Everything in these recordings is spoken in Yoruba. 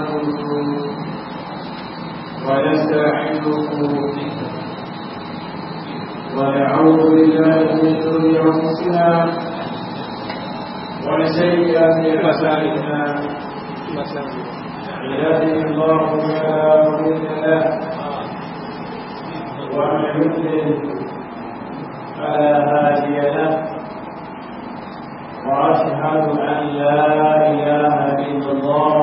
نستعينه ونعوذ بالله من شرور انفسنا وسيئات مسائلنا يهده الله فلا مضل له ومن يضلل فلا هادي له وأشهد أن لا إله إلا الله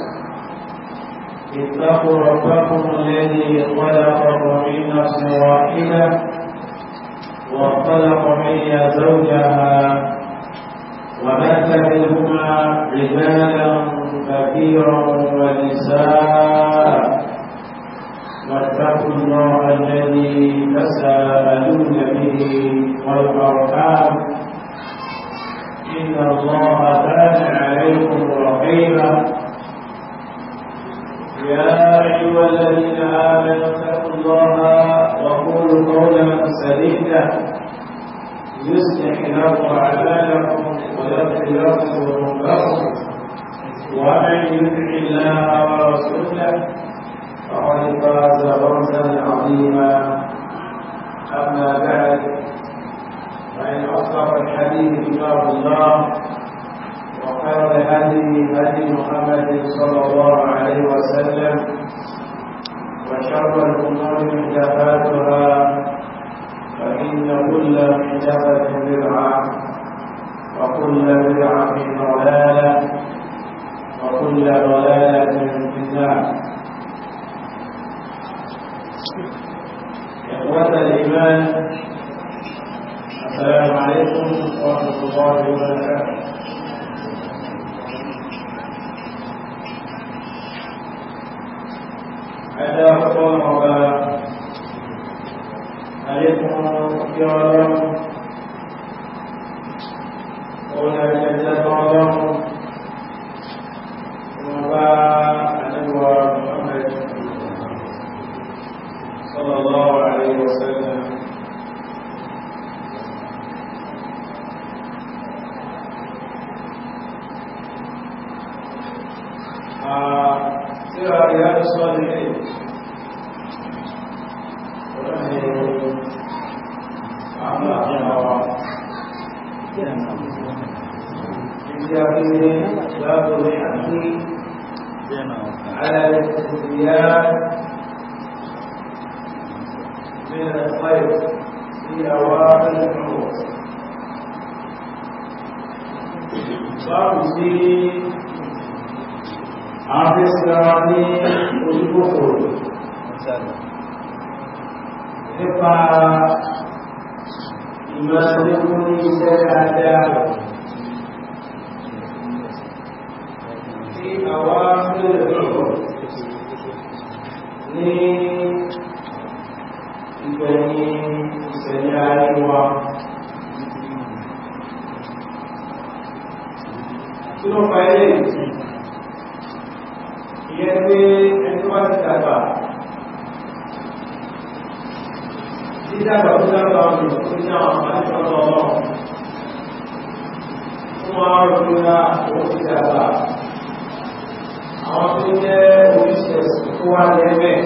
اتقوا ربكم الذي خلقكم في نفس واحدة وخلق منها زوجها وبث منهما رجالا كثيرا ونساء واتقوا الله الذي تساءلون به والأرحام إن الله كان عليكم رقيبا يا أيها الذين آمنوا اتقوا الله وقولوا قولا سديدا يصلح لكم أعمالكم ويغفر لكم ومن يطع الله ورسوله فقد فاز فوزا عظيما أما بعد فإن أصدق الحديث كتاب الله وخير الهدي هدي محمد صلى الله عليه وسلم وشر الامور محدثاتها فان كل محدثه بدعه وكل بدعه ضلاله وكل ضلاله في النار اخوه الايمان السلام عليكم ورحمه الله وبركاته ẹ̀dá ọ̀pọ̀ ọba àyẹ̀kùn kí ọlọ́run òun àjẹjẹ ọlọ́run ọba àdúgbò Muhammad sallallahu alaihi wasallam síra ìyáàdù sọ́ọ̀lẹ̀ ilé ọlọ́rin àwọn àfihàn wa ìdí abúlé lábúlé àti alẹ́ ìyá من हाफिज करानी उसको छोड़ो nípa ìmọ̀sílẹ̀kú ní iṣẹ́ dáadáa tí àwa fílẹ̀ lọ́pọ̀ ní ìgbẹ̀yìn ìyẹn pé ẹni wá ti dàgbà dídàgbà tó dàgbà ọ̀nà tó ní àwọn àbájọ lọ́wọ́ fún wọn rọra ah, òun ti dàgbà àwọn tó jẹ́ oníṣẹ́ tó wà lẹ́mẹ̀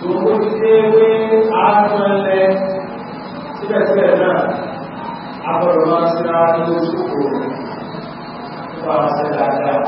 gbogbo ti dé wé ààrùn lẹ síbẹ̀síbẹ̀ náà agbọ̀dọ̀ máa ń sinra ní oṣù kòrò nípa àṣẹ dáadáa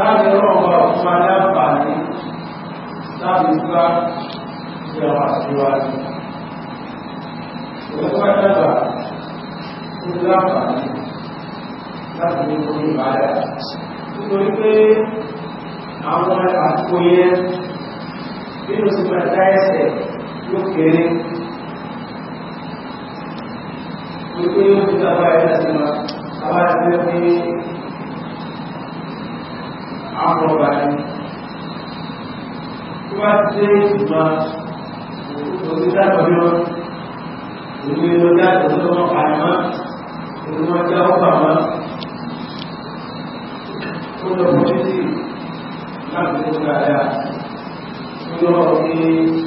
láti rọrùn ọ̀rọ̀ fún aláǹfààní láti gbá sí ọmọ àṣíwájú òun bá dàgbà tó láǹfààní láti ní orí ìbáyà nítorí pé àwọn àtúkò yẹn nínú sí máa dá ẹsẹ̀ ló kéré wípé ó ti dábàá ẹ̀ láti máa abájẹ́ pé àbọ̀bà ni tó bá ìgbà onídàgbà bí wọn ìwé lórí àtẹ̀sọ́ wọn pàyàmọ́ ìwé wọn jẹ́ ọgbà wọn ó lọ bọ́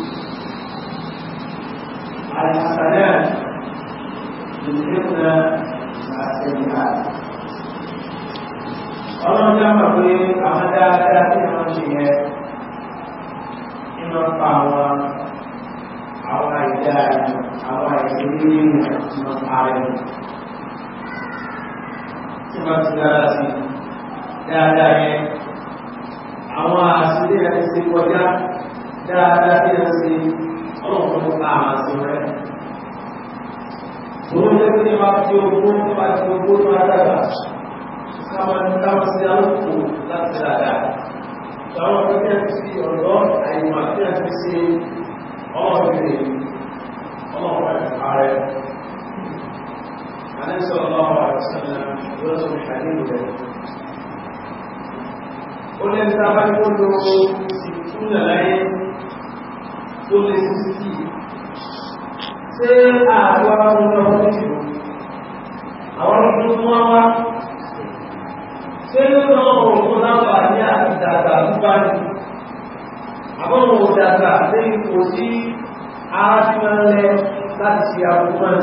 àti àkùnmọ́n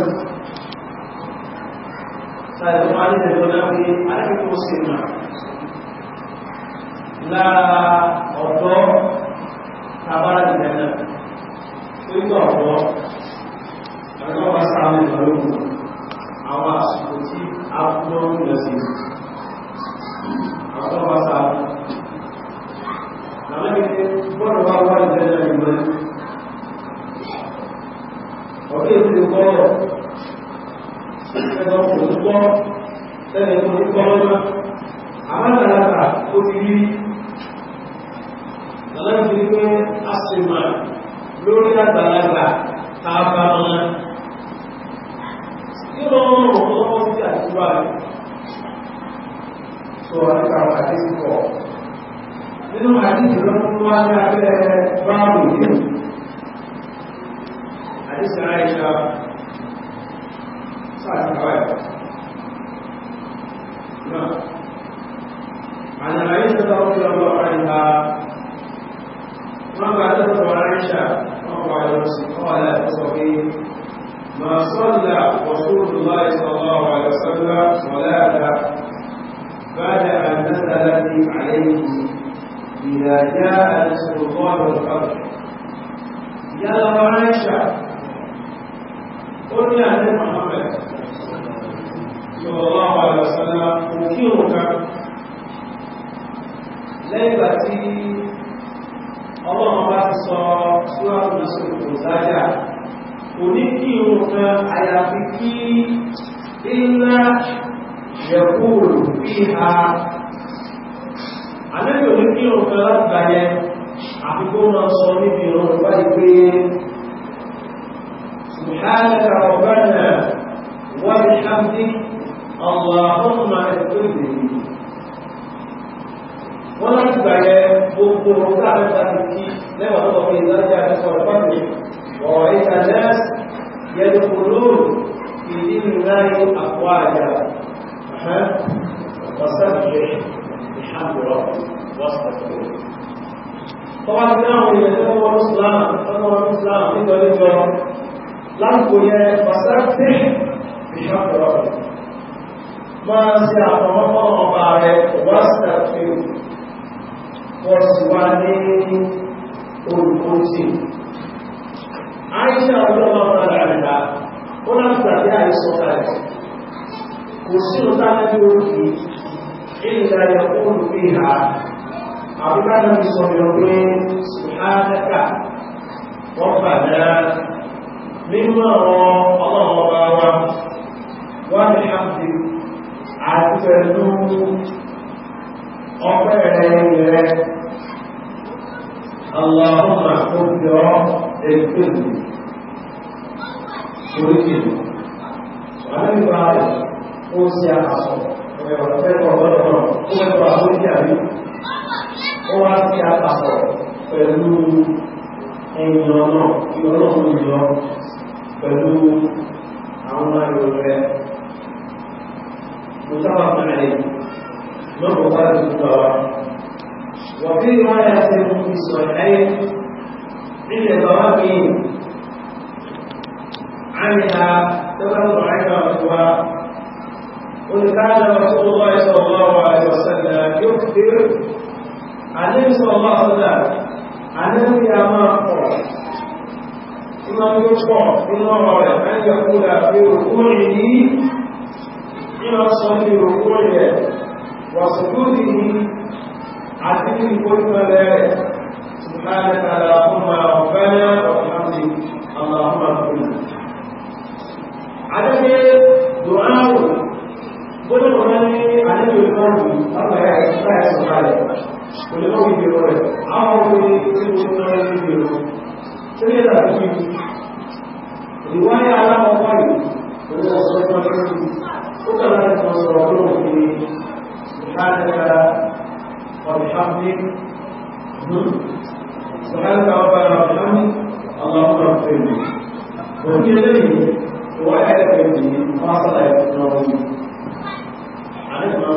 sàìdọ̀mọ́ alẹ́dẹ̀dọ́ náà pé alẹ́kùnkùn sí ìmọ̀ lára ọ̀dọ́ tàbára ìdẹ̀ náà tó gbọ́ ọ̀dọ́ ẹ̀kọ́ bá sáré ìgbàlógún àwọn àsìkò tí a fún ọrùn lọ sí àwọn bá sáré làwọn ẹgbẹ́ gbọ́dọ̀ wá wá ìdẹ̀ náà ọ̀pẹ́ ìpínlẹ̀ gbọ́rọ̀ ẹgbẹ́ ọkùnrin gbọ́ tẹ́lẹ̀ tó ní gbọ́rọ̀ náà àmàlàlàkà ó ti rí aláìsí pé a sì mà lórí àgbàlagbà tá a bá wọn nínú ọmọ ọmọ sí àdúrà rẹ̀ sọ حديث عائشة صحيح الرواية نعم عن عائشة رضي الله عنها ما بعدت عن عائشة الله عليه وسلم قال تصبي ما صلى رسول الله صلى الله عليه وسلم صلاة بعد أن نزلت عليه إذا جاء نصر الله والفتح يا عائشة فيها عبد الله بن سبحانك ربنا مما الله وبارك وبحمدك عزلوا أقبل اللهم قدر الكذب ورجل وعلى ذلك أوصي على صوتك ẹ̀rọ tẹ́kọ̀ọ́ lọ́dọ̀ ó ẹ̀kọ́ àbójì àrí ó wá sí àpapọ̀ pẹ̀lú ẹ̀yìn ọ̀nà kí ọlọ́run yọ pẹ̀lú àwọn ayò rẹ̀ mo sábà pẹ̀lẹ̀ lọ́pọ̀ bá ti gbà wá وفي رواية في الصحيحين من الضوابط عنها تبرع عن رسول قل كان رسول الله صلى الله عليه وسلم يكثر عليه صلى الله عليه وسلم عن القيامة إنه يشفع من رأي أن يقول في ركوعه إما صلي ركوعه وسجوده عتيم كل ملائكة سبحانك اللهم ربنا وبحمدك اللهم كنا. على دعاء bóyá wọn ní àlejò ìfọ́nù ọgbà ẹ̀ ẹ̀ka ẹ̀sùn kalẹ̀ kò lè lọ́wọ́ ìdí rẹ̀ àwọn ọmọ tí mo ti rán ní ìdí rẹ̀ tó lè dà bí ìwáyé aláwọ̀pá yìí kò lè sọ fún ọdún yìí ó kàn láti sọ sọ̀rọ̀ ọlọ́run pé ìhánẹ́ta ọ̀dùnfàmì ìhánẹ́ta ọba ọ̀dùnfàmì ọlọ́run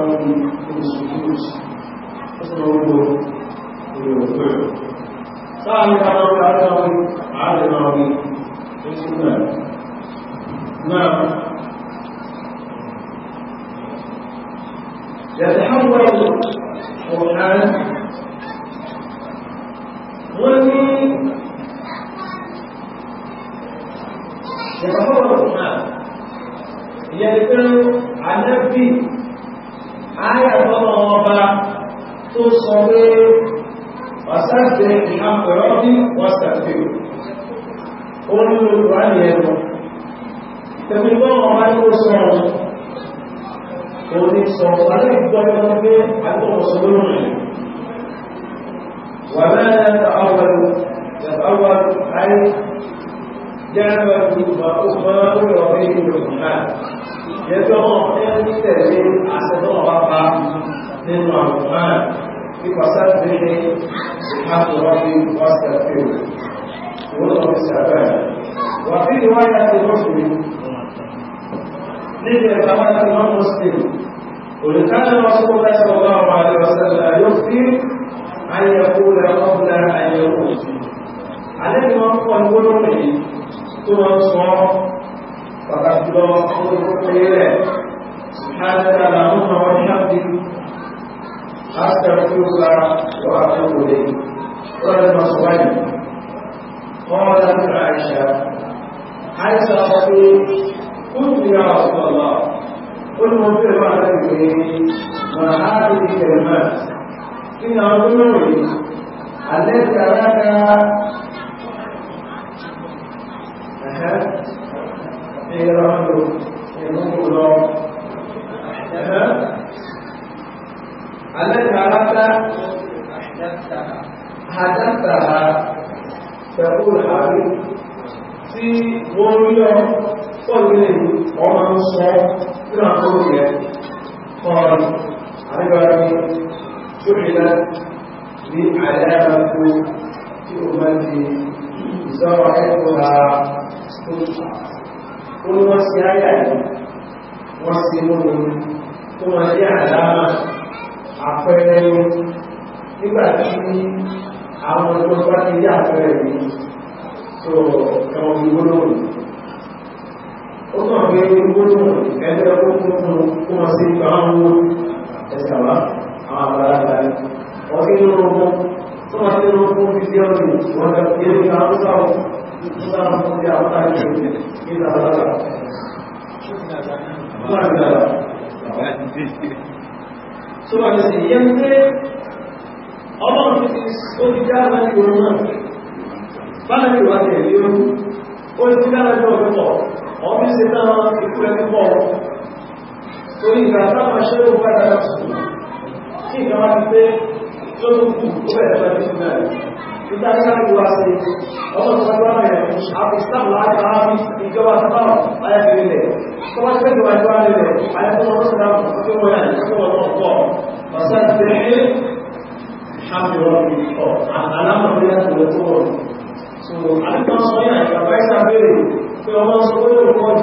Amen. Now, جابه وأخبار ربيع الأمهات يدعو أن يتجد أسد ربا من الرحمن بمسبه سبحان ربي واستغفره والله السبان وفي رواية مسلم نجد رواية الإمام مسلم ولكان رسول الله صلى الله عليه وسلم يفتي أن يقول قبل أن يقول عليه ما هو القلوب tó wọ́n sọ pàtàkì lọ àwọn olùkọ́kọ́ rẹ̀ سبحانك اللهم وبحمدك أستغفرك وأتوب إليك قال المصري قالت عائشة عائشة رضي قلت يا رسول الله قل منفر عليك ما هذه الكلمات إن أظنني التي أراك ìran lò ìrúkú lọ alẹ́kàrátá àdátàrà pẹ̀lú àárí tí wọ́n rí ọ pọ̀lẹ̀ ọmọ ń sọ nínú àkókò yẹ kọrọ àríwárí tó rí lá ní àdáyàmàkó torí ìgbà táwọn ṣe ó padà lọ sí kí ìgbà wọn ti pé lọ́dún kù ó bẹ̀rẹ̀ lọ sí náà nígbà tí wọn wá sí ọmọ tó wọn wá yẹn àti sáà láti ara mi ìjọba sábà ayé fi lẹ tó wọn fẹẹ lọ ìjọba lẹ ayé tó wọn sọdá tó wọn yà tó wọn lọ pọ ọsẹ ti rí hàmìlọ ìfọ àlámọdé àti ìwé tó wọn. so àdúgbò sọ yà ìgbà báyìí sábẹ́rẹ̀ pé ọmọ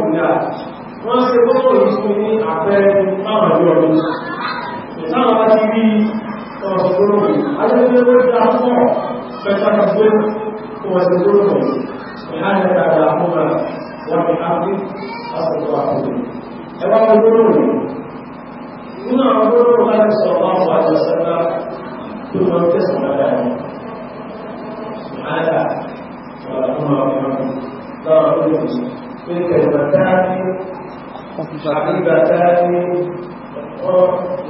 fẹ́ máwọn ìlú ọdún táwọn bá ti rí ọ̀sọ̀gbọ́nà alẹ́gbẹ́gbẹ́ dá pọ̀ pẹ̀lú àgbẹ́ ọ̀sọ̀gbọ́nà ìhànà tàbí àmúra láti ápí àsọ̀tọ̀ àkùnrin ẹwà ọgbọ́nà nínú àwọn ọgbọ́nà láti sọ àwọn àjọsẹ́lá tó máa ń tẹ̀sán lára ẹ̀ ìhànà tàbí àmúra ọ̀gbọ́nà lọ́rọ̀ lórí pé kẹ̀lẹ̀tàrí حبيبتان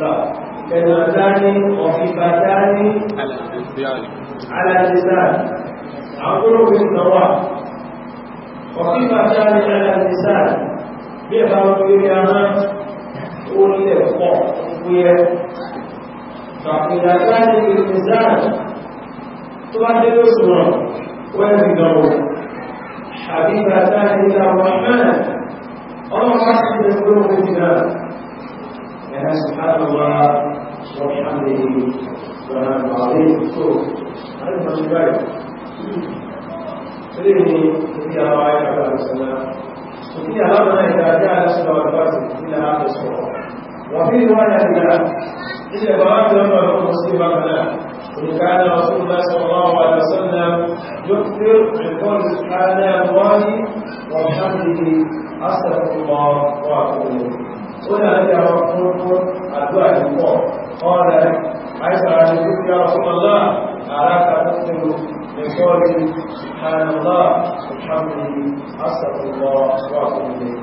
لا كلمتان خفيفتان على اللسان عقل بالنواة خفيفتان على اللسان بها وبها قول لقاء فقيلتان بالميزان تعدل صورا ويبدو حبيبتان الى الرحمن Orang pasti berguru juga. Ya subhanallah, subhanallah, subhanallah, itu ada masih baik. Jadi ini ini apa yang ada di sana? Ini apa yang ada ada sebuah bahasa tidak ada sebuah. Wafir mana tidak? Ini bahasa dalam bahasa Muslim mana? وكان رسول الله صلى الله عليه وسلم يكثر من قول وبحمده أستغفر الله وأتوب إليه هنا لدي رسول الدعاء الله قال عيسى عليك يا رسول الله أراك تقسم من قولي سبحان الله وبحمده أستغفر الله وأتوب إليه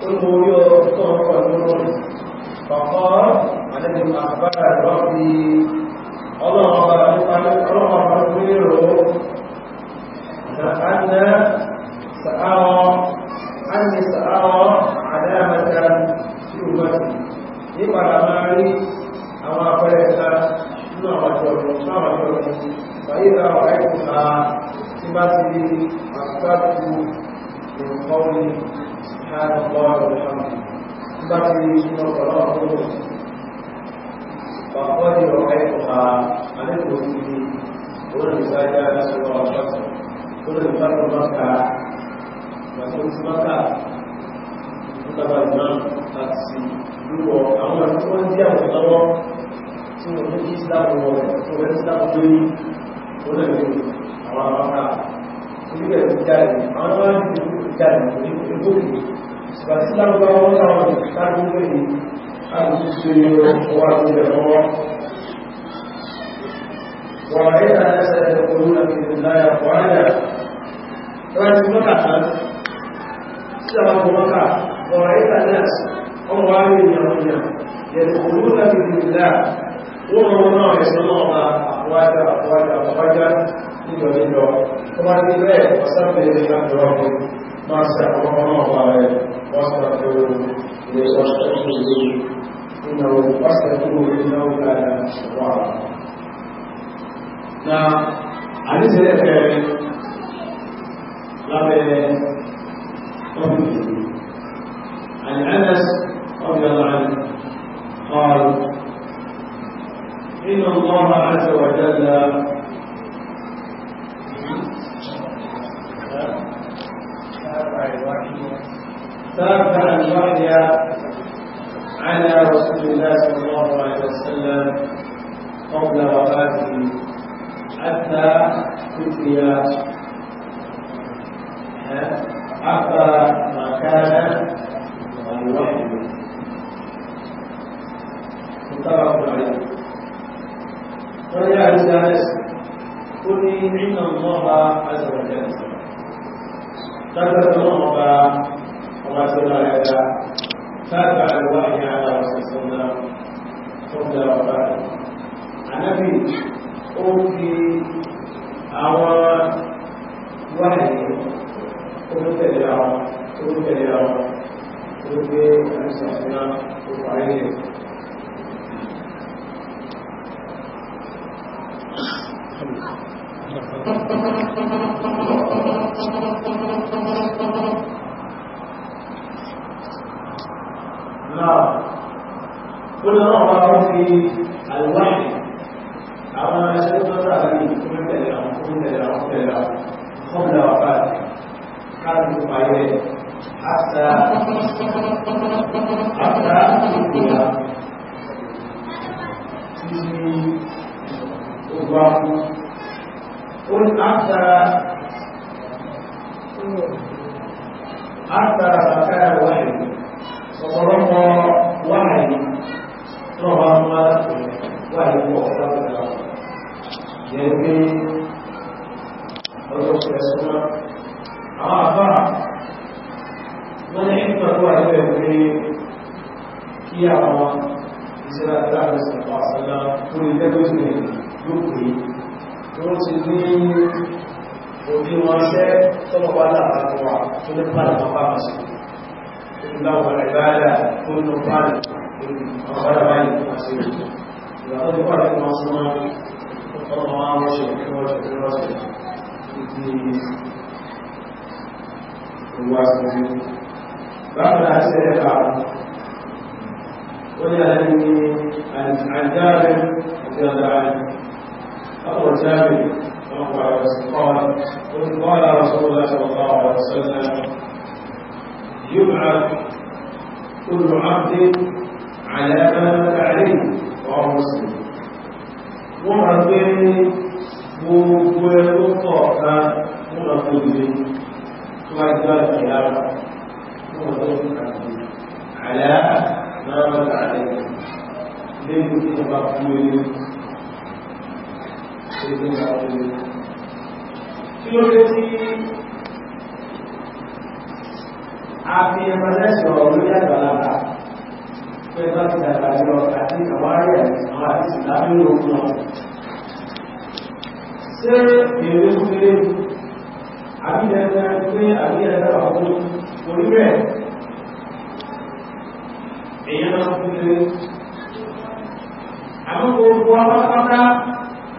قل هو يوم فقال أنا من أخبار ربي الله أكبر الله أكبر أن سأرى أني سأرى علامة شعبتي nípa àwọn arí àwọn apẹẹrẹ ta nínú àwọn àjọ̀dún nínú àwọn àjọ̀dún báyìí ra ọ̀rá ẹ̀kùn ta tí bá ti rí àtúbàtú nǹkan ní ṣáàdùkọ́ àrùn tí bá ti rí sínú ọ̀pọ̀lọ́ ọ̀pọ̀lọ́ pàpọ̀ ní ọ̀rá ẹ̀kùn ta àti ìsìnmáta nígbàgbà ìmá àti lúwọ àwọn àti wọ́n dí àwọn lọ́wọ́ tí wọ́n ní ìsìláàmù wọn tó rẹ̀ ìsìláàmù lórí wọ́n lè ní àwọn àbáta orílẹ̀ ti jáde àwọn máa ń fi jáde ní ìgbòkè ìgbà tí lágbà wọn láwọn ìtàkì lórí àti ṣe ọwọ́ àti ìrànwọ́ وعليها نسأل يقولون في الله وعلى فأنت مرحبا كما وقع ورأيت الناس هم عامل يوميا يدخلون بإذن الله ومرنا يسمعون أقواتا أقواتا أقواتا إلى من الله كما تبعي وسبب لله ربي ما سأقوم الله واستغفر إليه واستغفر إليه إنه واستغفر إنه كان غفارا نعم عن ذلك لابد عن انس رضي الله عنه قال ان الله عز وجل تابع الوحي على رسول الله صلى الله عليه وسلم قبل وفاته حتى فتي عبر مكانا ويوحد متفق عليه ويا انس قل ان الله عز وجل تبارك الله وما سوى تابع الوحي òdiwọ̀n iṣẹ́ tọ́lọ̀pọ̀ aláàbàtọ̀wà tó ní pàdà wọn bá wọn sí ìgbàwọ̀n ìbáyà tó ní pàdà ọ̀pọ̀lọpọ̀ báyìí tó wọ́n sí ìgbàwọ̀n ìpàdà wọn sí wọn ọmọ wọn ṣe kí wọ́n ṣe kí wọ́n ṣe ìdí ìwà sí bákan àti ẹ̀ka wọ́n ní àlẹ́ ní àjáàrẹ́ àti ọ̀dà àwọn jáàrẹ́ الله عليه وسلم قال قل قال رسول الله صلى الله عليه وسلم يبعث كل عبد على ما مات عليه رواه مسلم wọ́n máa gbé gbogbo ẹgbẹ́ kọ̀ọ̀kan wọ́n máa gbé ilé tó wá gbá ìyá wọ́n máa gbé ìkàkì àlá máa máa tààlẹ̀ lẹ́gbẹ̀ẹ́ tó bá fún ilé ìlú àwọn ìlú kí ló dé tí a fi ẹgbẹ́ sọ̀rọ̀ lórí àgbàlagbà pé bá ti dàgbà jọ àti àwárí àwọn àti ìsìlámí òkú náà ṣé èrè tó lé àbí ẹgbẹ́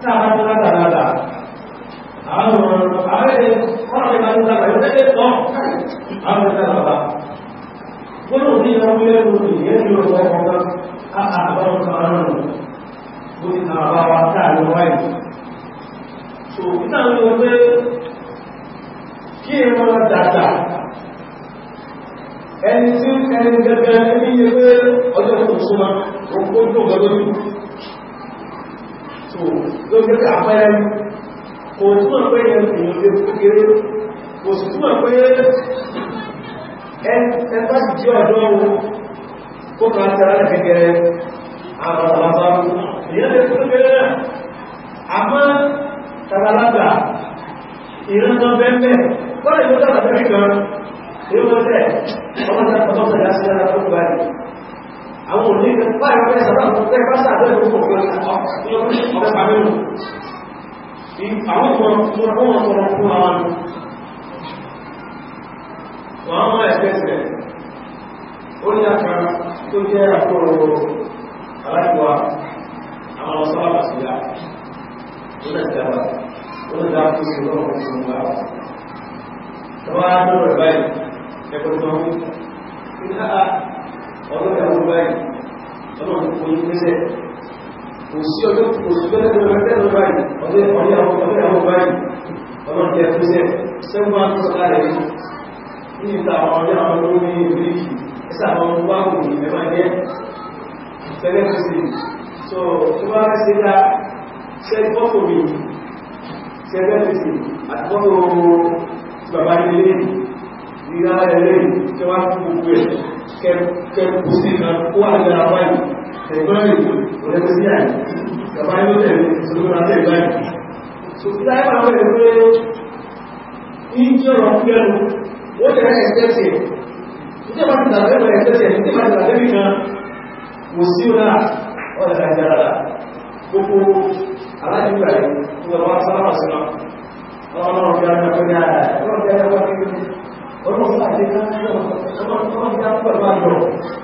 tá a bá tó ládàládà àwọn àwọn ẹ̀ wọ́n lè máa ń dára ẹ̀ lẹ́gbẹ̀ẹ́ tán àwọn ẹ̀ dára bá gbọ́dọ̀ ní ìyàwó lẹ́nu ìyẹn ní ọ̀sán ọmọ náà á àbáwọn kan náà nù ó ti kàn bá wa tá a lè wáyé so nígbà tó wọ́n pé kí ẹ máa dàgbà ẹni tí ẹni gẹ́gẹ́ ẹni yẹ pé ọjọ́ tó súnmọ́ òkú ojú ọ̀gọ́dọ́ tó ló jẹ́ àpẹẹrẹ kò túnmọ̀ pé èèyàn lè kékeré kò sì túnmọ̀ pé ẹgbẹ́ sì jẹ́ ọ̀dọ́ ohun kó kàá tẹ́rà lè kékeré àbàbàbà èèyàn lè kékeré náà àmọ́ tàbàlágbà ìrìnà bẹ́ẹ̀ wọ́n lè tó àwọn òní báyìí wọ́n sàbá ọ̀pẹ́ pásá àbẹ́lẹ̀ tó kọ̀ọ̀kọ́ ọ̀pẹ́ pàmílù àwọn ọmọ tó wọ́n tọrọ fún àwọn wọn wọ́n ẹ̀fẹ́sẹ̀ ó ní àkà tó jẹ́ àkọrọ̀ aláìwà àwọn sábà sí ya ó lè dára ó lè dára tó sì lọ́wọ́ fún wa tọ́wọ́ á lọ́rọ̀ báyìí ẹgbẹ̀rún yìí pèsè kò sí ọjọ́ òṣìṣẹ́ lẹ́gbẹ̀rún báyìí ọdún ọ̀yẹ́ àwọn báyìí ọlọ́run jẹ́ pèsè sẹ́gbọ́n àtúnṣọ́lá rẹ̀ ní ìta àwọn ọjọ́ àwọn olórin ìrìkì ẹsà àwọn ọmọ wákò ní ẹ̀mà jẹ́ tẹ́lẹ̀ pèsè so tó bá ṣe dá sẹ́gbọ́fò mi sẹ́gbẹ́ pèsè àtúnṣọ́ bàbá ilé ìrírá ẹ̀lẹ́ kẹwàá gbogbo ẹ̀ kẹ́kù sí ìrànwọ́ àjẹ́ àwọn ẹgbẹ́ ìlú olẹ́gbẹ́sí àyè ìjọba yóò tẹ̀lé ìṣòro alẹ́ ìgbà yìí ṣòkúta ẹ̀ máa wẹ̀ pé ìjọ ọ̀rọ̀ ń gbẹnu ó tẹ̀lé ẹ̀ẹ́sẹ̀sì ìjọba ti tàbí ẹ̀rọ ẹ̀ẹ́sẹ̀sì ìjọba ti tàbí ẹ̀rọ kò sí ọ̀nà ọ̀dà àjàrà gbogbo alájúgbà yìí tó lọ wá sálámà sílá ọlọ́run bí a ń gbẹ́ dáadáa ọlọ́run bí a ń gbẹ́ dáadáa ọlọ́run bí a ń gbẹ́ dáadáa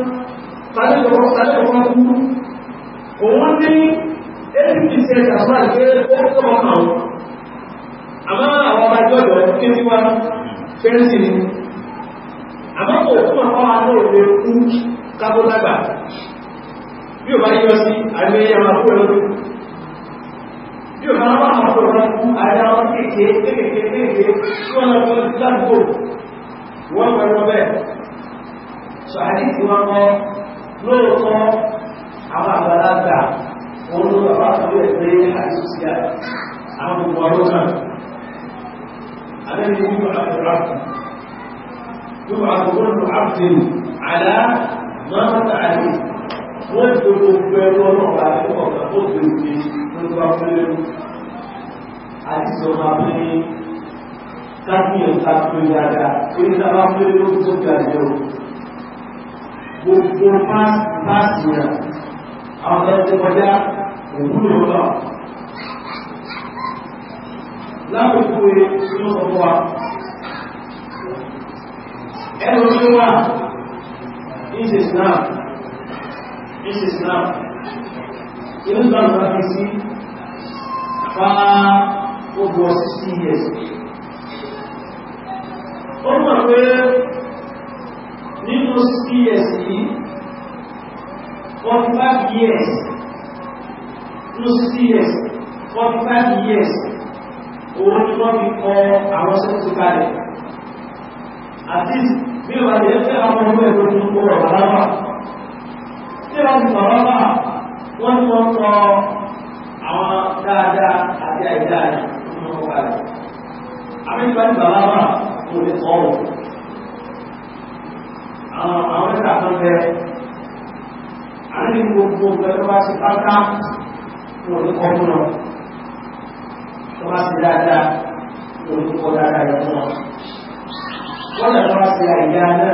òun ní ẹ̀sìn ti ṣe ìtàṣà ìgbé ọkọ̀ àwọn àmá àwọn ọmọ ìjọjọ kí tí wá fẹ́ǹsì ni àmá kò fún àwọn àwọn òwe kú kábólágbà bí ò bá yíyọ sí àgbẹ̀yẹ àwọn àpò ẹ̀rọ bí ò bá wà àwọn àpò ẹ̀rọ kú àdá wọn kéèkéé kéèkéé kéèkéé tí wọ́n lọ fún ìdáàbò wọ́n pẹ̀lú bẹ́ẹ̀ sọ àdíkì wọn kọ́ lóòótọ́ àwọn àgbàlagbà òun ló bàbá àtúwẹ̀ pé àìsí sí àwọn gbogbo ọdún náà alẹ́ni yíò àtúrà yíò àtúrà lọ àbdìn àlá mọ́mọ́ta àlè wọ́n tó gbogbo ẹrù ọlọ́pàá àti ọ̀gá tó gbèsè lọ́gbà fúlẹ́rù àti sọ̀rọ̀ àbúrí káfíyàn káfíyàn dáadáa orí sábà fúlẹ́rù tó gbà jẹun gbogbo pàṣẹ rẹ̀ àwọn ẹ̀ṣẹ̀ kọjá òwúrò lọ lákòókò rẹ̀ tí ó sọ fún wa ẹ̀rọ tó wà ìṣẹ̀ islam ìṣẹ̀ islam ìlú ìgbàmù láti sí fa ogun ọ̀sí sí ẹ̀sì ó years yìí forty five years nínú sixty years forty five years òun ni wọ́n fi kọ àwọn sẹ́kùtù kalẹ̀ àti bí wọ́n lè fẹ́ àwọn ọmọ ẹ̀rọ ní ọ̀rọ̀ bàbá tí wọ́n ti bàbá bá wọ́n ti wọ́n kọ àwọn dáadáa àti àìdáa ní ọmọ kalẹ̀ àbí tí wọ́n ti bàbá bá òun ni kọ́ ọ̀rọ̀ àwọn àwọn ẹ̀sà tó bẹ àárín gbogbo pẹ̀lú bá ti pátá wọn ní kọ́ fún wọn tó bá ti dáadáa wọn ní kọ́ dáadáa yẹn fún wọn wọ́n lè lọ́wọ́ sí àìyá náà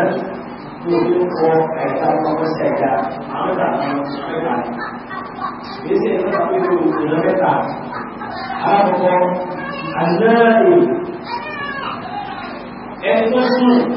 wọn ní kọ́ àìyá lọ́wọ́ sí àìyá àwọn ẹ̀sà tó mẹ́ta ni èyí sì ń lọ́wọ́ pé ìlú mẹ́ta alákọ̀ọ́ àdínárì ẹni tó sùn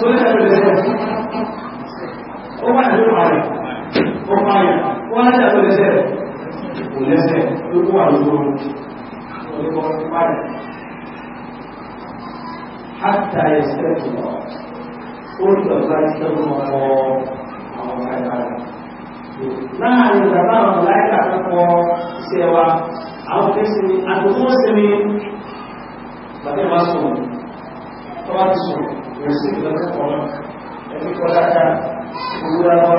ဆိုရတဲ့လေ။ဘုရားလိုပါလေ။ဘုရားရ။ဘုရားကြလို့လေ။ဘုလည်းစေသူကလိုလို။ဘုလည်းပေါ်ပါလေ။ حتى يستغفر قل فاستغفر الله او كذا နာရီကတော့လိုက်တာတော့ဆေဝါအောက်ဖြစ်စီအတူစမီဘာတွေပါဆုံးတော်ဆုံး kò títí ìrọ̀ àwọn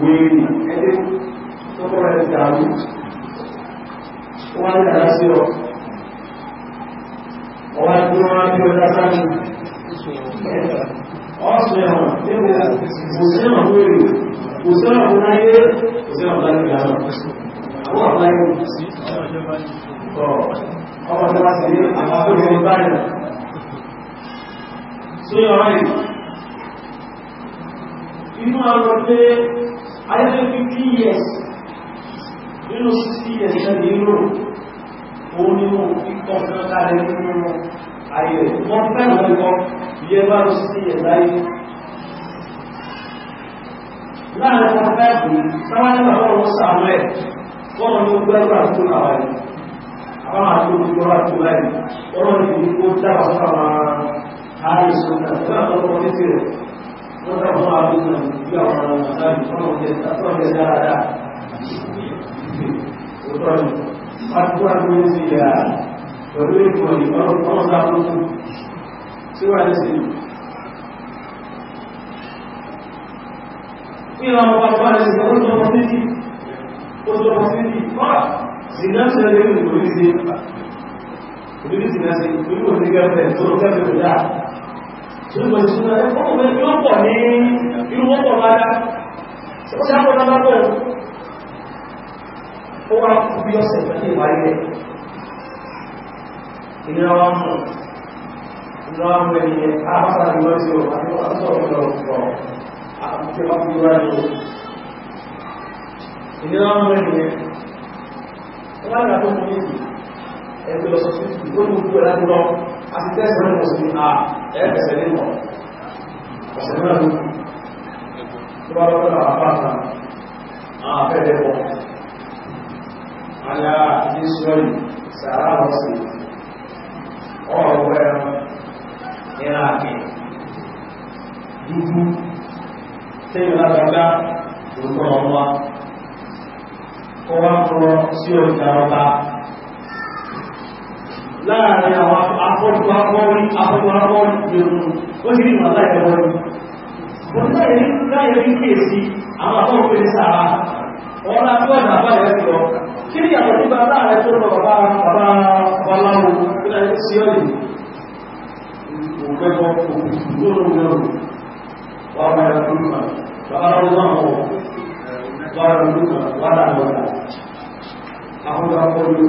wéèrè ẹgbẹ́ tọ́kọ́ rẹ̀ dàrú wọ́n dàrá sí ọ ọwá tí wọ́n rí ọjá sáàmì ọ̀sùn ẹ̀wọ̀n nínú òṣèlú wéèrè òṣèlú láyé òṣèlú láyé ìyàwó àwọn àbáyé ọmọ tó bá sì ní àwọn akókò báyìí tó yọ ọ́yìn inú àwọn pé I ayẹ́fẹ́ 50 years know 60 years know. náà ní ìlú òun ni I fi kọ́ fún ọkàlẹ̀ nínú ayẹ̀ wọ́n fẹ́ràn ẹ̀kọ́ I. bá I sí ẹ̀ láyé láàrin wọn fẹ́ẹ̀kì sáwájú àwọn ọmọ sàánú ẹ̀ wọ́n mọ̀ ní gbẹ́gbà tó náà wáyé àwọn àdúgbò gbọ́ra tó láyé ọlọ́run ìlú kó dáwà I àárín sọ́nà tó àtọ́kọ́ títí rẹ̀ wọ́n tọ́ fún àbúrò bí àwọn ọmọ sáàbì fọ́nà ọ̀gẹ́ dáadáa òótọ́ ni pàtàkùn àbúrò sí ìyá pẹ̀lú ìgbọ̀n ìgbọ̀n ọmọ sáàbì tí wà ní sí ní àwọn ọmọ bá ní sí ọjọ́ ọmọ títí ọjọ́ ọmọ títí wà sí náà sí ẹgbẹ̀rún ìgbòrí sí ìgbòrí sí náà sí ìgbòrí sí gẹ́gẹ́ tó gẹ́gẹ́ Ìgbò ìṣúná ẹ̀kọ́ òun ni ó pọ̀ ní irú wọ́pọ̀ bádá. Ó ṣàpọ̀ lábábọ̀ ó wá bí ọ̀sẹ̀ pẹ̀lú ìwárí rẹ̀. Ìnira wa mú. Ìnira wa mú ẹni yẹn, a bá sáà ní wọ́n sí ọ̀ àti wọ́n sọ̀rọ̀ lọ pọ̀ àti wọ́n fi wá ní. Ìnira wa mú ẹni yẹn. Ó bá dàgbà tó mú ní ẹgbẹ́ lọ sọ sí ìgbóhùn gbogbo ẹ̀ láti lọ, a ti tẹ́sán mọ̀ sí ní àà ẹ̀ẹ́sẹ̀ nínú ọ̀sẹ̀ náà ló tó bá lọ́pọ̀ náà pàtà àwọn afẹ́lẹ́ pọ̀ alá àti sọ́yìn sàárà ọ̀sẹ̀ ọ̀rọ̀ ẹran ìran àkẹ́ dúdú tẹ́yìn lágbàgbá òun náà wá kọwàá kọ sí ọ̀dà ọba láàrin àwọn afọ́jú afọ́rí afọ́jú afọ́rí yorùn ó sì rí ìmọ̀ láìpẹ́wọ́rí wọ́n láyé láyé rí kéèsí àwọn afọ́jú pé ní sàárá wọ́n lá tó ẹ̀nà àbáyé sí lọ kí ni àwọn ìgbà láàrin tó lọ bàbá bàbá baláwo tó láyé sí ọ̀lẹ̀ òkẹ́kọ̀ọ́ òkúrò wàhálà ìlúkà wàhálà ọlọ́wọ́ wàhálà ìlúkà wàhálà ìlúkà àwọn afọ́jú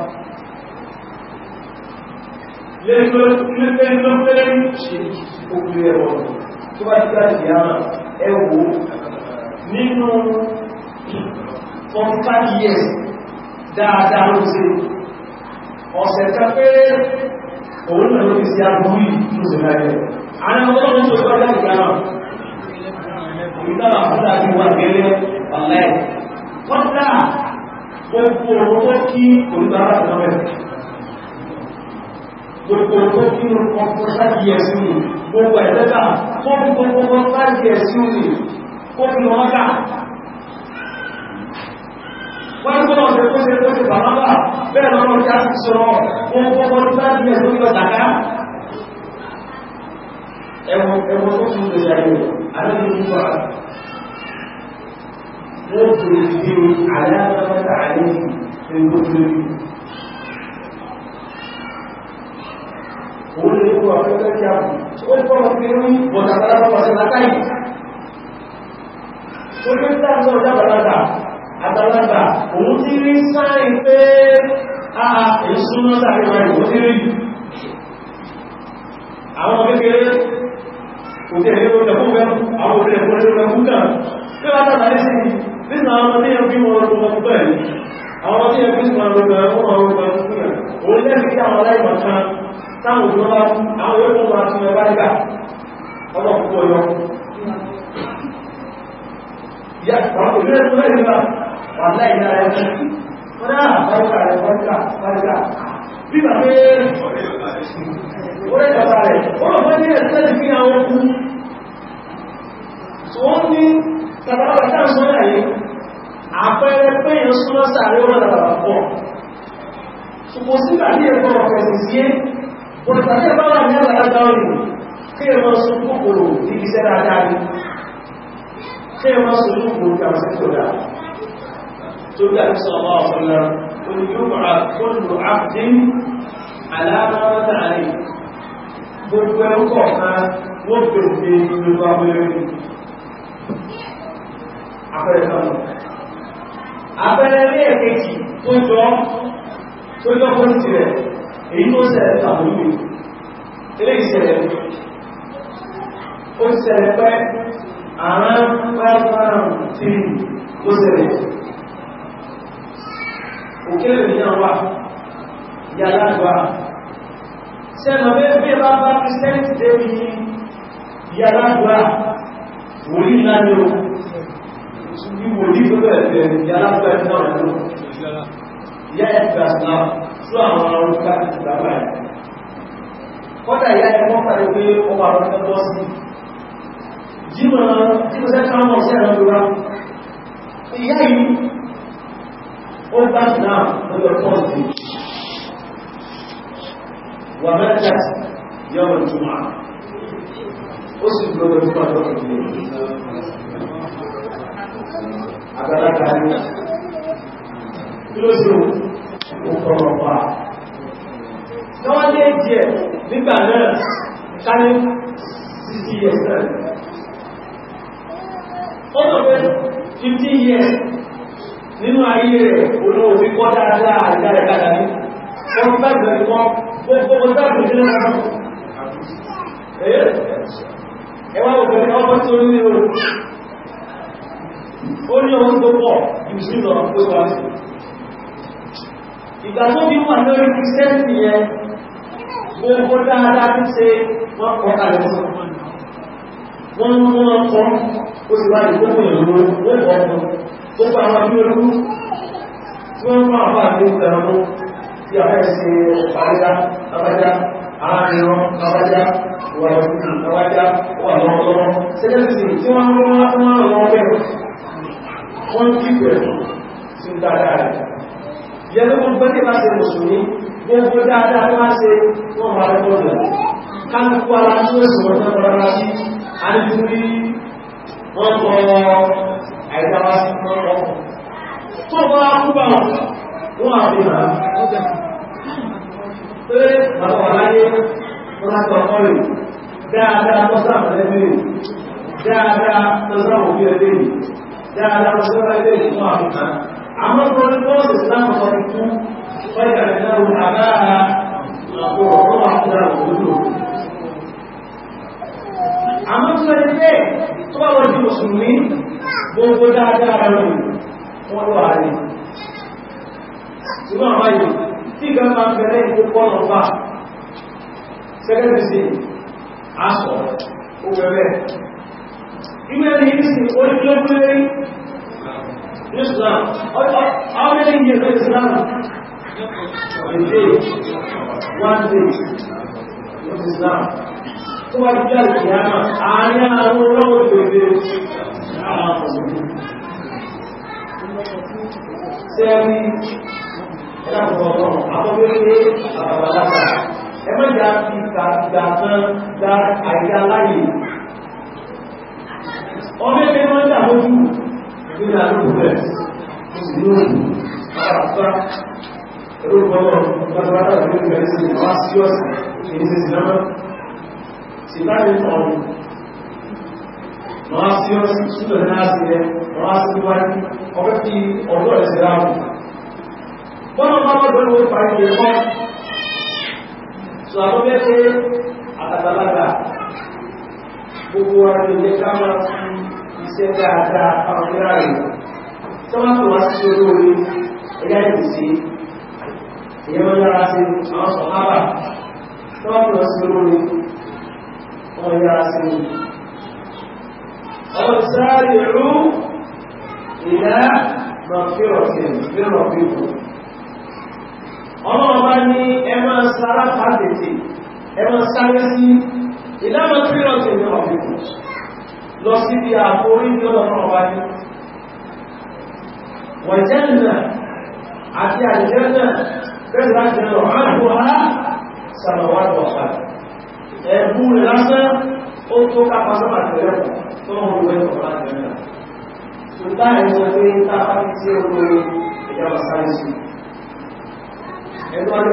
lẹ́gbẹ̀ẹ́gbẹ̀rẹ̀ ṣe òkú ẹ̀rọ tó bá ti láti yára ẹwò nínú ọ̀páàdì yẹn dáadáa ló ṣe ọ̀sẹ̀ kápẹ́rẹ́ òun náà ló fi sí agbóhì ló ṣe láyẹ̀ àwọn ọlọ́run tó bá láti yára ìdára fún láti wà gẹ́lẹ́ ọ̀lẹ́ kọ́dá gbogbo ọ̀rọ̀ tó kí oníbàárà náà gbogbo tó kí ní ọkọ̀ láti ẹ̀sìn ní gbogbo ẹ̀lẹ́ta tó ń gbogbo láti ẹ̀sìn ní ó fi wọ́n dà wọ́n ń gbọ́nà tó ṣe tó bàbá bẹ́ẹ̀ lọ́nà tí a ti gbogbo láti ẹ̀sìn lọ dàgá ẹwọ हुआ तो क्या सोच पर फिर भी वो नकारा पसंद आता ही तो कितना हमसे होता बताता àtàlágbà òun ti rí sáìn pé àà ìsúná sàríwá ìwò ti rí àwọn kékeré kò tẹ́ ẹ̀rẹ́ oúnjẹ fún bẹ́ẹ̀ àwọn òṣèrè fún ẹ̀rẹ́ fún kàn pé wá tàbí àrí sí nínú àwọn tí ẹbí wọn ló wọn bẹ́ẹ̀ àwọn tí ẹbí wọn ló wọn ló wọn ló wọn ló wọn ló wọn ló wọn ló wọn ló wọn ló táwọn òṣìṣàtí ẹ̀bá wà ní àgbàlagbà òyìn kí ẹ mọ́ sún kòkòrò níbi iṣẹ́ dáadáa ní kí ẹ mọ́ sún kòkòrò kí a sí tó dáa tó dáa ní jọ tó jọ fún tirẹ̀ èyí ló ṣẹlẹ̀ tàbí ilé ìṣẹ̀lẹ̀ ó ṣẹlẹ̀ pẹ́ àrán pẹ́pẹ́rún tí ó ṣẹlẹ̀ òkèlè ní àwọn yàlágbà ṣẹlẹ̀ mẹ́fẹ́ bá bá kìsẹ́ntì débi yàlágbà wòlí láyé o ní wòlí tó bẹ̀rẹ̀ yàlágbà ẹ̀fọ́ rẹ̀ lọ yẹ́ ẹ̀fẹ́ ló àwọn arúgbá ti bàbá rẹ̀ kọ́dà ìyá ẹ̀ wọ́n pàdé pé ọba àwọn ọ̀fẹ́ bọ́ sí jímọ̀ tí mo sẹ́ta mọ̀ sí ẹ̀rọ ìwá ìyá yìí ó bá jù náà lórí ọ̀pọ̀ sí òkọ̀rọ̀ lọ́wọ́ lé díẹ̀ nígbà náà sáré sí years nínú ayé rẹ̀ olóò fi kọ́ dáadáa ìdára ìdára ní wọ́n gbàgbẹ̀ wọn gbogbo dáàbò sílẹ̀ náà ẹwà òbẹ̀rẹ̀ ọmọ tí ó ní ìgbà tó bí wà lórí kìsẹ́ǹtì yẹn gbogbo dáadáa ti ṣe wọ́n kọ́ kalẹ̀ sọ wọ́n mú wọn kọ́ ó sì wá ìgbóhùn ìlú wọ́n kọ́ ọkọ̀ tó gba àwọn bí olú tí wọ́n mú àwọn àti ìgbàmú tí a fẹ́ ṣe ọ̀pàdá abájá àárínrán abájá wà lókùn abájá wà lọ́wọ́lọ́wọ́ sẹ́lẹ̀sì tí wọ́n mú wọn fún àwọn ọmọ bẹ̀rẹ̀ wọ́n kí bẹ̀rẹ̀ sí dáadáa rẹ̀ yẹnu gbogbo ní bá ṣe mùsùlùmí gbogbo dáadáa tó máa ṣe wọ́n máa rẹ̀ bọ́ọ̀lù kálukú ara tí ó sọ̀rọ̀ náà lọ́rọ̀ rá sí àdúgbò wọ́n kọ àìdáwá sí mọ́rọ̀ tó bá kú bá wọn wọ́n àbí rà pé bàbá láyé wọ́n àwọn ọmọdé bọ́ọ̀lù ìsìláàmù sọ fún ọjà ìdáwò àbára àpò ọ̀rọ̀ àkúrà òwúlò àwọn tó ẹni bẹ́ẹ̀ tó bá wọ́n di mùsùlùmí gbogbo dáadáa rẹ̀ wọ́n lọ àrí ìwọ̀n àbáyé tí ìgbà máa bẹ̀rẹ̀ ìkókọ́ ọ̀fà sẹ́gẹ́dẹ̀sì asọ̀ ó bẹ̀rẹ̀ ìgbẹ̀rẹ̀ ìsìn orí lọ́gbẹ̀rẹ̀ Islam. How many years of Islam? A day. One day. What is Islam? Tó wá jẹ́ ìyára, àárín àwọn olówó bèbè àwọn ọmọdé. Sẹ́ẹ̀rí, ẹ̀dá ọ̀pọ̀ àkọ́bẹ̀rẹ̀ àbàbàlápà. Ẹ mẹ́jà fi ìgbà kan dá àìdá láyé. Ọmọ ẹgbẹ́ mọ́jà lójú nínú àdúgbò rẹ̀ ó sì ní òkú àràfà orúkọ gbọ́dọ̀wádà ló ń bẹ̀rẹ̀ sí àwọn síọ́sì èyí sí sinamá sì láti ọ̀rùn máa síọ́sì súnlẹ̀ náà sí ẹ máa sí wáyé ọgbẹ́ fi ọ̀dọ́ rẹ̀ sí láàrùn bọ́nà máa bọ́dọ̀ ló parí rẹ̀ kọ́ sọ àwọn mẹ́fẹ́ àtàtàlágà gbogbo wa lè ká máa fi iṣẹ́ dáadáa àwọn ìlera rẹ̀ tí wọ́n tó wá sí olóore ẹ̀yà ìpèsè èyàn wọ́n yára sí àwọn sọ̀hábà tí wọ́n tó wá sí olóore wọ́n yára sí ọ̀sáàrì rú ìlà mọ̀fíọ̀sìn lérò pípò ọlọ́run bá ní ẹ máa sára pàtẹ́tì ẹ máa sáré sí ìlà mọ̀fíọ̀sìn lérò lọ sí bí àforí ní ọlọ́run ọba ní wọ̀jẹ́nà àti àjẹ́nà bẹ́ẹ̀ láti lọ ààbò ha sàmàwàdọ̀ ọ̀fà ẹ̀bù lásán ó tó kápa sọ́mà tẹ̀lẹ̀ tó ń wọ́n wọ́n ọ̀fà tẹ̀lẹ̀ tó dáhẹ̀ sọ ẹgbọ́n ní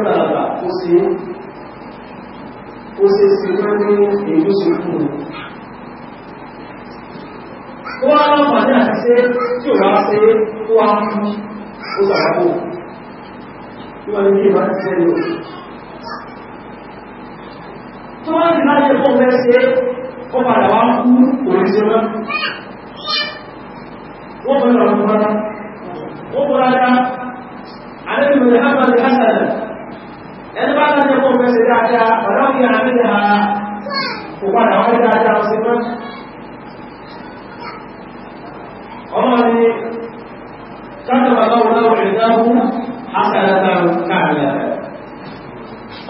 tààlà ó sì ó sí lórí èyí ó fún un tó wá lọ́pàá ní àṣìṣe tí ò wá ṣe tó wá mú ó sàkàbò tí wọ́n ní ìbá ti ṣe lò tó wá ní láti fún fẹ́ ṣe ó padà wá kú òrìṣẹ́ náà wọ́n bẹ̀rẹ̀ ọ̀rọ̀ mọ́ra wọ́n bọ̀rọ̀ dá alẹ́bí rẹ̀ hàn ẹni bá láti fún fẹ́ ṣe dáadáa pàdánù ọlọ́run ní sáàtàwà báwọn náà rẹ̀ dáhùn àkàlàkà káàlà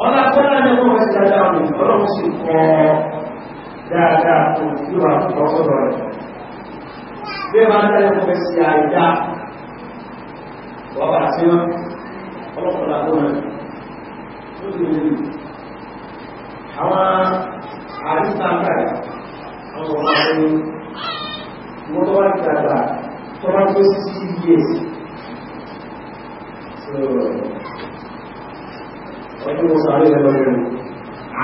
ọlá kọ́lá ní ọmọ rẹ̀ dáadáa ní ọlọ́run sì kọ́ dáadáa tó yíwa lọ́sọ̀rọ̀ rẹ̀ bí máa ń tẹ́lẹ̀ fún ẹsẹ̀ àìdá wọ́n bá sí wọn ọlọ́pàá lọ́wọ́ rẹ̀ tó lè rí àwọn àrísàkà àwọn ọmọ rẹ̀ wọ́n tó wá ìjàgbà tó bá tó sí years so ọdún mo sáré lọ́wọ́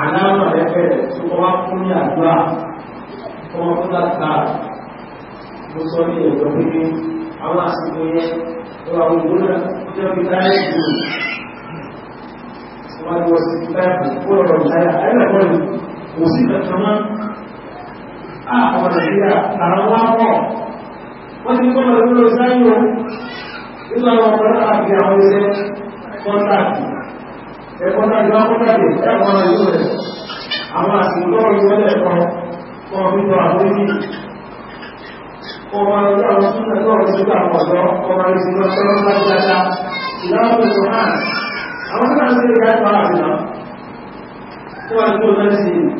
àlànà rẹ̀ bẹ̀rẹ̀ tó wá fún ní àdúrà tó wọ́n fún láta mo sọ ní ẹ̀jọ́ pé àwọn àsìkò yẹn tó wà gbogbo náà jẹ́ bí táyé ìlú wọ́n lọ sí táyé kó lọ́rọ̀ táyà ayẹ́lẹ́kọ́ ni kò sí wọ́n ti kọ́nà lórí sáyìn ohun nínú àwọn ọ̀pọ̀lọpọ̀ àti àwọn iṣẹ́ kọ́ntàkì ẹ̀kọ́ntàkì wọ́n kọ́ntàkì ẹ̀kọ́nà yóò rẹ̀ àwọn àsìkò ìwọ́lẹ̀ kan kan fi lọ àwọn ibi ọmọ ọjọ́ àwọn súnmọ̀ náà ti gbà pọ̀jọ́ ọmọ ìsìn lọ sọ́rọ́ láti dáadáa ìlànà ìlú hàn àwọn tó náà ń ṣe ìyá ìpàrà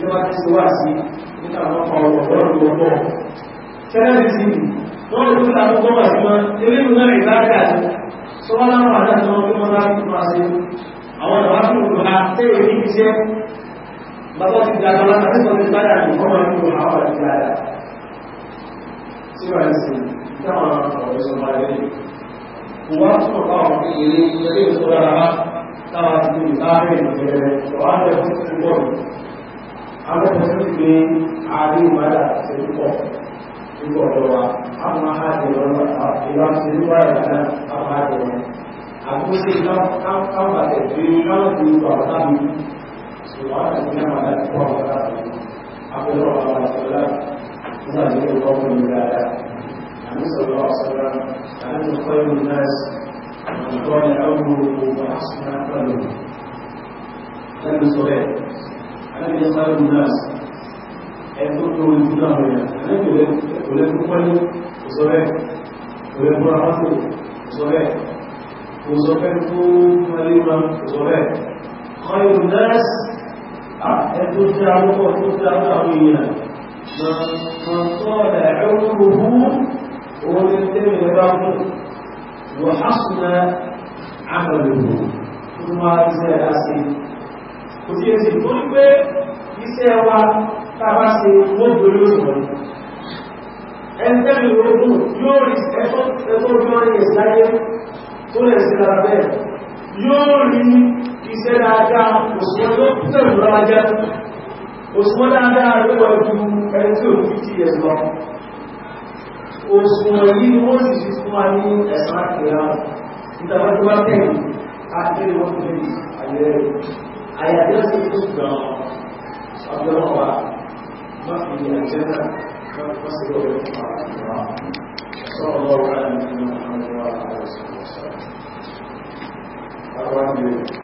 tí wọ́n ti wá sí nípa ọkọ̀ ọ̀rọ̀ ọ̀pọ̀ tẹ́lẹ̀ sí wọ́n lè fún àwọn gọ́mà sí wọn eléyìí náà rí láti àti tó wọ́n láwọn àdájọ́ wọn tó wọ́n láti fún àṣẹ àwọn ọ̀rọ̀ fún òkú àti èyí iṣẹ́ bàbá ti dàgbà wọn àti tó ti gbádà ní ọmọ ìlú àwọn àti dáadáa tí wọ́n ti sí táwọn ọ̀rọ̀ ìṣọ̀mọ́ ẹ̀rẹ́ wọ́n tún ọ̀pá ọ̀pọ̀ ìrìn ilé ìṣọ́ra táwọn àti ìgbà àwọn ọmọ sí pé ààrí ìmọ̀lá ṣe púpọ̀ púpọ̀ lọ́wọ́ àwọn àádìrọ̀ ìwọ̀n sí ní wáyà náà àwọn àádìrọ̀ àkóso káwọn àtẹ̀gbé káwọn ti wà láàmì ṣùgbọ́n àti náà máa láti pọ̀ àwọn àtẹ̀gbé àpẹẹrẹ ọ̀rọ̀ àṣọlá nígbà tí ó kọ́ fún mi dáadáa àmì sọ̀rọ̀ ọ̀ṣọ́lá àmì ìkọ́ ìlú náà ọ̀gbọ́n ni àwọn ọmọ ogun àṣìṣẹ́ náà pẹ̀lú النبي يسأل الناس يتركوا من فناه النبي ولا يكفل وصلاة ولا يفرحته وصلاة وصفته كريمة وصلاة خير الناس ترجع عمره ترجع تعوينا من طال عمره ومنتمي بعضه وحسن عمله ثم رسالة kò sí ẹsẹ̀ tó ní pé iṣẹ́ wa tàbá ṣe wọ́n gbé lóṣùwọ̀n ẹ̀ntẹ́lì ogun yóò rí ẹ̀tọ́ ojú ọ̀rẹ́ ìsáyé tó lè sí ara bẹ́ẹ̀ yóò rí iṣẹ́ dáadáa òṣùwọ́n tó tẹ̀lú rárá jẹ́ òṣùwọ́n dáadáa lọ́wọ́ ju ẹni tí òun ti yẹ yìí wọ́n sì fi fún wa ní ẹ̀sán àkèrà ìtàbátúwátẹ̀ àti ìwọ́n tó lè àyàtọ̀ sí tó gbọ́n ọgbọ́n wa má fi àjẹ́ náà wọ́n sì lọ́wọ́ ìpàdé sọ́rọ̀ lọ́wọ́ láàrin nínú àwọn ọmọ àwọn ọ̀sán ọ̀sán